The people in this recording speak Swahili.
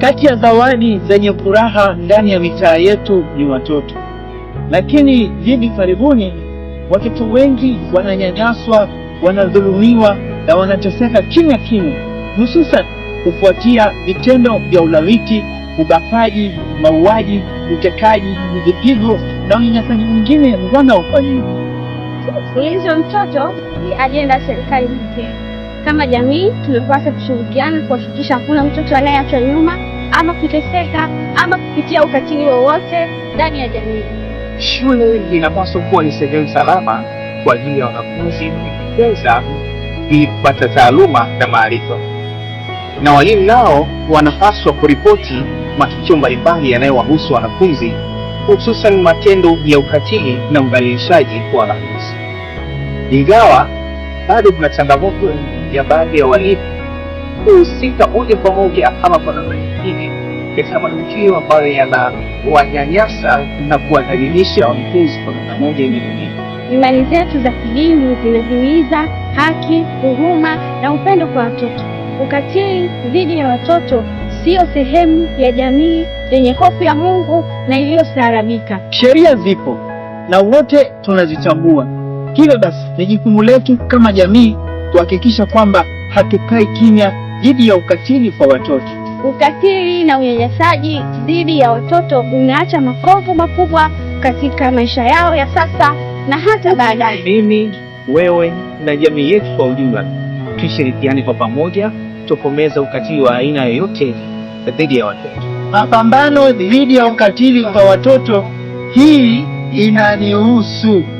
Kati ya zawadi zenye furaha ndani ya mitaa yetu ni watoto, lakini hivi karibuni watoto wengi wananyanyaswa, wanadhulumiwa na wanateseka kimya kimya, hususan kufuatia vitendo vya ulawiti, ubakaji, mauaji, utekaji, vipigo na unyanyasaji mwingine. ufanyii. ulinzi wa mtoto ni ajenda serikali. Kama jamii tumepasa kushirikiana kuhakikisha hakuna mtoto anayeachwa nyuma ama kuteseka ama kupitia ukatili wowote ndani ya jamii. Shule inapaswa kuwa ni sehemu salama kwa ajili ya wanafunzi kujifunza ili kupata taaluma na maarifa, na walimu nao wanapaswa kuripoti matukio mbalimbali yanayowahusu wanafunzi, hususan matendo ya ukatili na udhalilishaji kwa wanafunzi, ingawa bado kuna changamoto ya baadhi ya walimu husika moja kwa moja ama kwa katika matukio ambayo yanawanyanyasa na kuwadhalilisha wanafunzi kwa namna moja nyingine. Imani zetu za kidini zinahimiza haki, huruma na upendo kwa watoto. Ukatili dhidi ya watoto siyo sehemu ya jamii yenye hofu ya Mungu na iliyostaarabika. Sheria zipo na wote tunazichambua, hivyo basi ni jukumu letu kama jamii tuhakikisha kwamba hatukai kimya dhidi ya ukatili kwa watoto. Ukatili na unyanyasaji dhidi ya watoto unaacha makovu makubwa katika maisha yao ya sasa na hata baadaye. Mimi, wewe na jamii yetu kwa ujumla, tushirikiane kwa pamoja, tukomeza ukatili wa aina yoyote dhidi ya watoto. Mapambano dhidi ya ukatili kwa watoto, hii inanihusu.